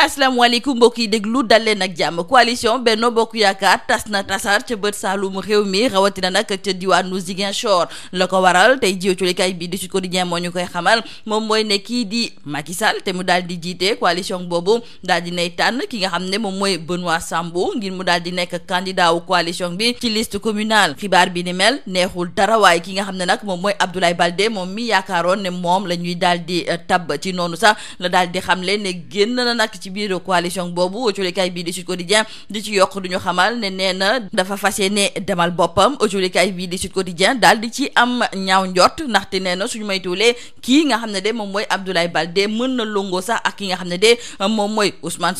asalaamaaleykum mbokk yi déglu dal leen ak jàmm coalition Benno Bokk Yaakaar tas na tasaar ca bët saalum réew mi rawatina nag ca diwaanu Ziguinchor la ko waral tey jiw culikay bi di Sud Quotidien moo ñu koy xamal moom mooy ne kii di Macky Sall te mu daal di jiite coalition boobu daal di nay tànn ki nga xam ne moom mooy Benoît Sambou ngir mu daal di nekk candidat wu coalition bi ci liste communale xibaar bi ni mel neexul dara waaye ki nga xam ne nag moom mooy Abdoulaye Baldé moom mi yaakaaroon ne moom la ñuy daal di tabb ci noonu sax la daal di xamle na nag ci biir coalition boobu julikaay bii di Sud Quotidien di ci yokk duñu xamal ne nee na dafa fas yéene demal boppam julikaay bii di Sud Quotidien daal di ci am ñaaw njort ndaxte nee na suñu maytuulee kii nga xam ne de moom mooy Abdoulaye Baldé mën na longoo sax ak ki nga xam ne de moom mooy Ousmane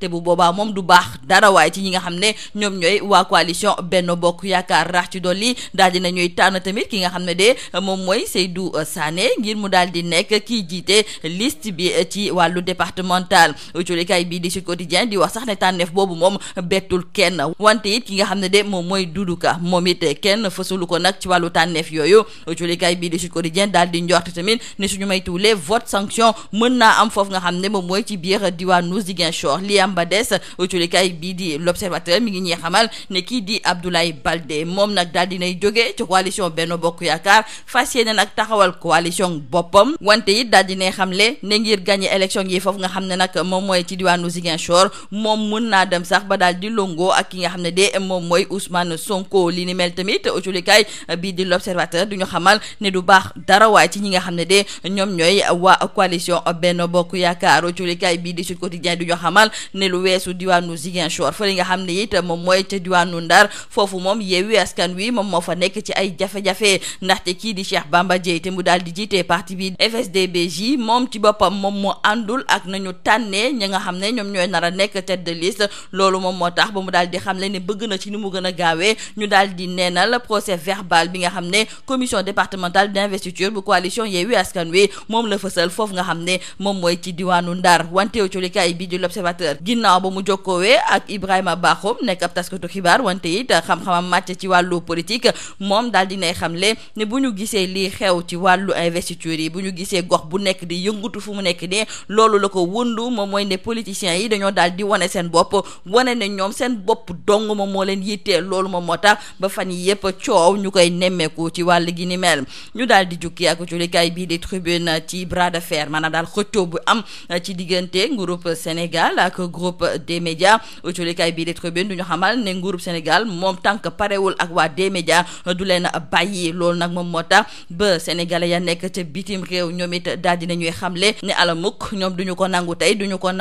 te bu boobaa moom du baax dara ci ñi nga xam ne ñoom ñooy waa coalition Benno Bokk Yaakaar rax ci dolli daal di nañuy tànn tamit ki nga xam ne de moom mooy Seydou Sané ngir mu daal di nekk kii jiite liste bi ci wàllu départemental julikaay bii di Sud Quotidien di wax sax ne tànneef boobu moom bettul kenn wante it ki nga xam ne de moom mooy Doudou Ka moom it kenn fësulu ko nag ci wàllu tànneef yooyu julikaay bii di Sud Quotidien daal di njort tamit ne suñu maytuwulee vote sanction mën naa am foofu nga xam ne moom mooy ci biir diwaanu Ziguinchor li am ba des julikaay bii di l'Observateur mi ngi ñuy ne kii di Abdoulaye Baldé moom nag daal dinay jógee ci coalition Benno Bokk Yaakaar fas yéene nag taxawal coalition boppam wante it daal dinay mooy ci diwaanu Ziguinchor moom mën naa dem sax ba daal di longoo ak ki nga xam ne de moom mooy Ousmane Sonko li ni mel tamit autolikaay bii di l'observateur du ñu xamal ne du baax dara waaye ci ñi nga xam ne de ñoom ñooy waa coalition Benno Bokk Yaakaar autolikaay bii di Sud Quotidien du ñu xamal ne lu weesu diwaanu Ziguinchor fa li nga xam ne it moom mooy ca diwaanu Ndar foofu moom Yewwi Askan Wi moom moo fa nekk ci ay jafe-jafe ndaxte kii di Cheikh Bamba Dièye te mu daal di jiite parti bi FSD/BJ moom ci boppam moom mu àndul ñi nga xam ne ñoom ñooy nar a nekk tête de liste loolu moom moo tax ba mu daal a gaawee ñu daal di bi nga xam ne commission départementale d'investiture bu coalition Yewwi Askan Wi moom la fësal foofu nga xam ne moom mooy ci diwaanu Ndar wante colikaay bi di l'observateur ba mu jokkoowee ak Ibrahima Bakhoum nekk ab taskatu xibaar wante it xam-xamam màcc ci wàllu politique moom daal dinay xamle ne bu ñu gisee lii xew ci wàllu investiture yi bu ñu gisee gox bu nekk di yëngutu fu mu nekk nii loolu la ko wundu moom mooy ne politiciens yi dañoo daal di wane seen bopp wane ne ñoom seen bopp dong moom moo leen yittee loolu moom moo tax ba fan yi yëpp coow ñu koy nemmeeku ci wàll gi ni mel ñu daal di jukki ak julikaay bii di tribune ci bras de fer maanaam daal xëccoo bu am ci diggante groupe Sénégal ak groupe des médias bii di tribune du ñu xamal ne groupe Sénégal moom tànk parewul ak waa des médias du leen bàyyi loolu nag moom moo tax ba sénégalais ya nekk ca bitim réew ñoom it daal nañuy xamle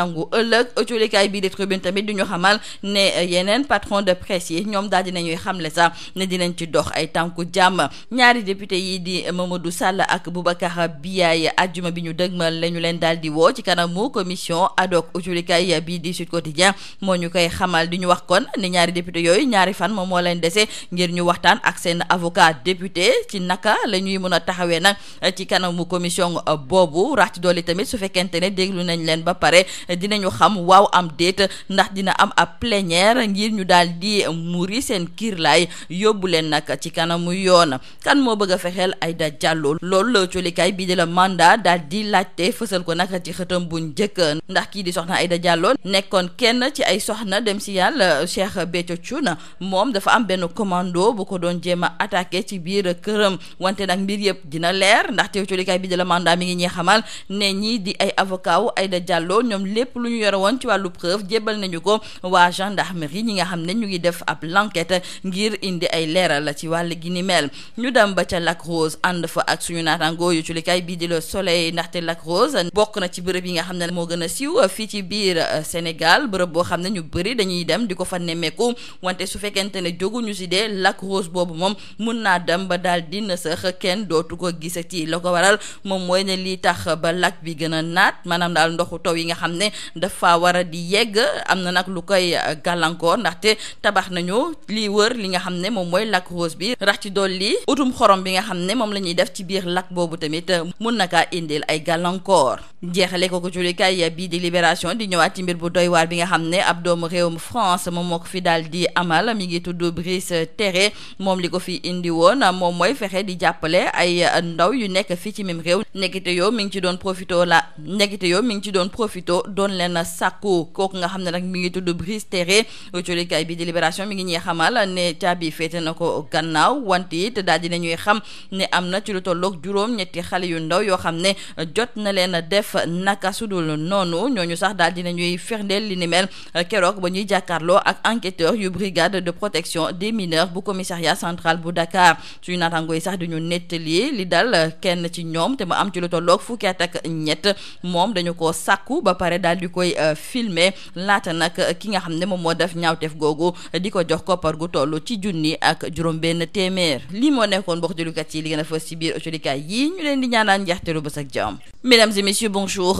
nangu ëllëg ëccolikaay bii di tribune tamit di ñu xamal ne yeneen patron de presse yi ñoom daal dinañuy xamle sax ne dinañ ci dox ay tànku jàmm ñaari député yi di Mamadou Sall ak Boubacar Biaye ajjuma bi ñu dëgmal la ñu leen daal di woo ci kanamu commission ad hoc ëccolikaay bii di Sud Quotidien moo ñu koy xamal di ñu wax kon ne ñaari député yooyu ñaari fan moom moo leen dese ngir ñu waxtaan ak seen avocat député ci naka la ñuy mën a taxawee nag ci kanamu dinañu xam waaw am déet ndax dina am ab plénière ngir ñu daal di muri seen kiir kiirlaay yóbbu leen nag ci kanamu yoon kan moo bëgg a fexeel Aïda jàlloo loolu la colikaay bii di la mandat daal di laajte fësal ko nag ci xëtam bu njëkk ndax kii di soxna Aïda Diallo nekkoon kenn ci ay soxna dem si yàlla Cheikh Béthio Thioune moom dafa am benn commando bu ko doon jéem a ci biir këram wante nag mbir yëpp dina leer ndaxte colikaay bii di mi ngi ñuy xamal ne ñii di ay avocat wu Aïda ñoom lépp lu ñu yore woon ci wàllu preuve jébbal nañu ko waa gendarmerie ñi nga xam ne ñu ngi def ab l'enquête ngir indi ay leeral la ci wàll gi ni mel ñu dem ba ca Lac Rose ànd fa ak suñu naataango yu ci likaay bii di le soleil ndaxte Lac Rose bokk na ci bërëb yi nga xam ne moo gën a siiw fii ci biir euh, Sénégal bërëb boo xam ne ñu bëri dañuy dem di ko fa nemmeeku wante su fekkente ne jóguñu si dee lakk Rose boobu moom mun naa dem ba daal dina sax kenn dootu ko gisati la ko waral moom mooy ne lii tax ba lac bi gën a naat maanaam daal ndoxu taw yi nga xam ne dafa war a di yegg am na nag lu koy euh, gàllankoor ndaxte tabax nañu li wër li nga xam ne moom mooy lac rose bi rax ci dolli utum xorom bi nga xam ne moom la ñuy def ci biir lac boobu tamit euh, mun na kaa indil ay gàllankoor jeexale ko ko julikaay bii di libération di ñëwaat ci mbir bu doywaar bi nga xam ne ab doomu réew France moom moo ko fi daal di amal mi ngi tudd Brice Terre moom li ko fi indi woon moom mooy fexe di jàppale ay euh, ndaw yu nekk fii ci même réew nekkite yow mi ngi ci doon profito doon leen sàkku kooku nga xam ne nag mi ngi tudd Brice Terre coolikaay bi di Libération mi ngi ñuy xamal ne caabi féete na ko gannaaw wante it daal dina ñuy xam ne am na ci lu tolloog juróom ñetti xale yu ndaw yoo xam ne jot na leen def naka sudul noonu ñooñu sax daal dina ñuy firndeel li ni mel keroog ba ñuy jàkkaarloo ak enquêteur yu brigade de protection de mineurs bu commissariat central bu Dakar suñu naataango yi sax di ñu nettali li dal kenn ci ñoom te mu am ci lu tolloog fukki moom dañu daal di koy euh, filmer laata nag euh, ki nga xam ne moom moo euh, di ko jox koppar gu toll ci junni ak juróom-benn téeméer lii moo li gën a fës ci biir autolikaay yi ñu di ñaanaan njeexteelu bés ak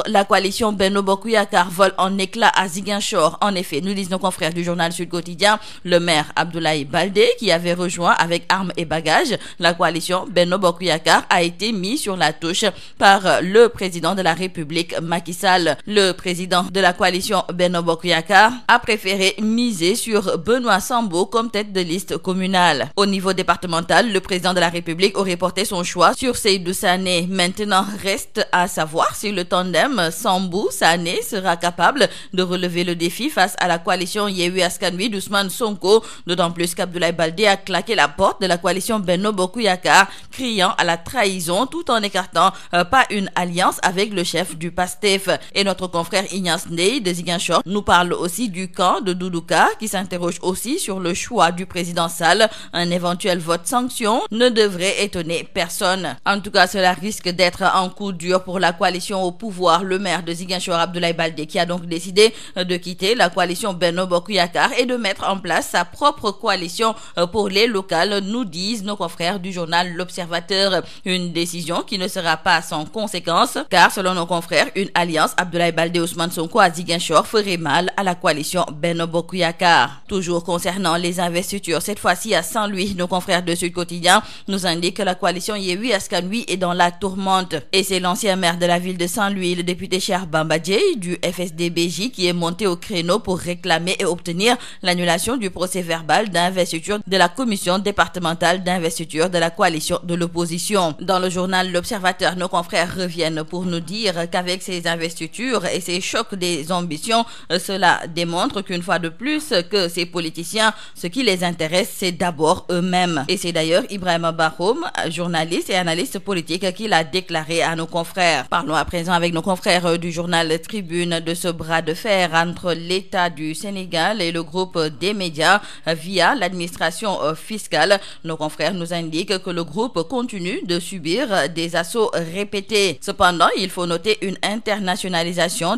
La coalition Benno Bokk Yakaar vole en éclats à Ziguinchor. En effet, nous disent nos confrères du journal Sud Quotidien, le maire Abdoulaye Baldé, qui avait rejoint avec armes et bagages la coalition Benno Bokk a été mis sur la touche par le président de la République, Macky Le président président de la coalition Benno Bokk Yakaar, a préféré miser sur Benoît Sambo comme tête de liste communale. Au niveau départemental, le président de la République aurait porté son choix sur Seydou Sané. Maintenant, reste à savoir si le tandem Sambou Sané sera capable de relever le défi face à la coalition Yewwi Askan Wi Sonko, d'autant plus qu'Abdoulaye Baldé a claqué la porte de la coalition Benno Bokk criant à la trahison tout en écartant euh, pas une alliance Tidiane Ignace Ndeye de Ziguinchor nous parle aussi du camp de Doudouka qui s'interroge aussi sur le choix du président Sall. Un éventuel vote sanction ne devrait étonner personne. En tout cas, cela risque d'être un coup dur pour la coalition au pouvoir. Le maire de Ziguinchor, Abdoulaye Baldé, qui a donc décidé de quitter la coalition Benno Bokk et de mettre en place sa propre coalition pour les locales, nous disent nos confrères du journal L'Observateur. Une Ousmane Sonko à Ziguinchor ferait mal à la coalition Benno Bokk Yakaar. Toujours concernant les investitures, cette fois-ci à Saint-Louis, nos confrères de Sud Quotidien nous indiquent que la coalition Yewwi Askan est dans la tourmente. Et c'est l'ancien maire de la ville de Saint-Louis, le député Cheikh Bamba du FSD/BJ qui est monté au créneau pour réclamer et obtenir l'annulation du procès-verbal d'investiture de la commission départementale d'investiture de la coalition de choc des ambitions. Euh, cela démontre qu'une fois de plus que ces politiciens, ce qui les intéresse, c'est d'abord eux-mêmes. Et c'est d'ailleurs Ibrahim Bahoum, journaliste et analyste politique, qui l'a déclaré à nos confrères. Parlons à présent avec nos confrères euh, du journal Tribune de ce bras de fer entre l'État du Sénégal et le groupe des médias euh, via l'administration euh, fiscale. Nos confrères nous indiquent que le groupe continue de subir des assauts répétés. Cependant, il faut noter une internationalisation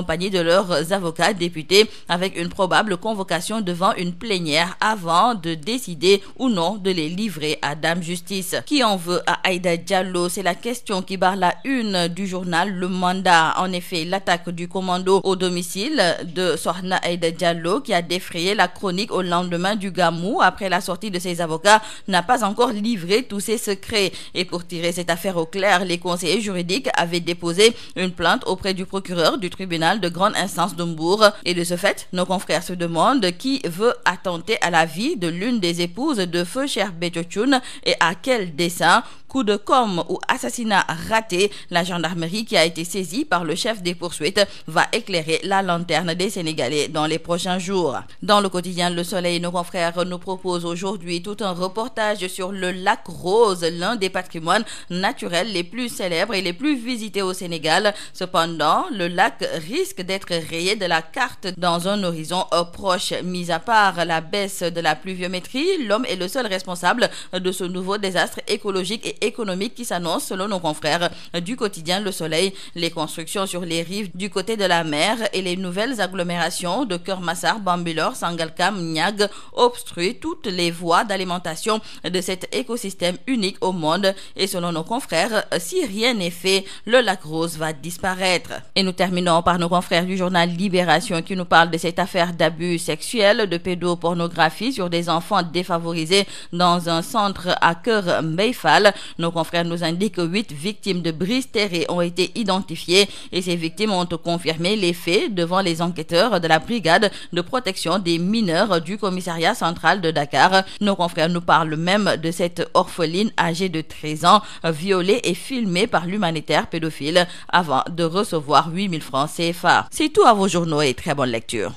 compagnie de leurs avocats députés avec une probable convocation devant une plénière avant de décider ou non de les livrer à Dame Justice. Qui en veut à Aïda Diallo? C'est la question qui barre la une du journal Le Mandat. En effet, l'attaque du commando au domicile de Sohna Aïda Diallo qui a défrayé la chronique au lendemain du Gamou après la sortie de ses avocats n'a pas encore livré tous ses secrets et pour tirer cette affaire au clair, les conseillers juridiques tribunal de grande instance de Mbourg. Et de ce fait, nos confrères se demandent qui veut attenter à la vie de l'une des épouses de feu Cher Betiochoun et à quel dessein coup de com' ou assassinat raté. La gendarmerie qui a été saisie par le chef des poursuites va éclairer la lanterne des Sénégalais dans les prochains jours. Dans le quotidien Le Soleil, nos confrères nous proposent aujourd'hui tout un reportage sur le lac Rose, l'un des patrimoines naturels les plus célèbres et les plus visités au Sénégal. Cependant, le lac risque d'être rayé de la carte dans un horizon proche. Mis à part la baisse de la pluviométrie, l'homme est économique qui s'annonce selon nos confrères euh, du quotidien Le Soleil. Les constructions sur les rives du côté de la mer et les nouvelles agglomérations de Keur Massar, Bambilor, Sangalkam, Niag obstruent toutes les voies d'alimentation de cet écosystème unique au monde et selon nos confrères, euh, si rien n'est fait, le lac Rose va disparaître. Et nous terminons par nos confrères du journal Libération qui nous parle de cette affaire d'abus sexuels, de pédopornographie des enfants défavorisés dans un à Keur Mbeifal. Nos confrères nous indiquent que huit victimes de brise terrée ont été identifiées et ces victimes ont confirmé les faits devant les enquêteurs de la brigade de protection des mineurs du commissariat central de Dakar. Nos confrères nous parlent même de cette orpheline âgée de 13 ans violée et filmée par l'humanitaire pédophile avant de recevoir 8000 francs CFA. C'est tout à vos journaux et très bonne lecture.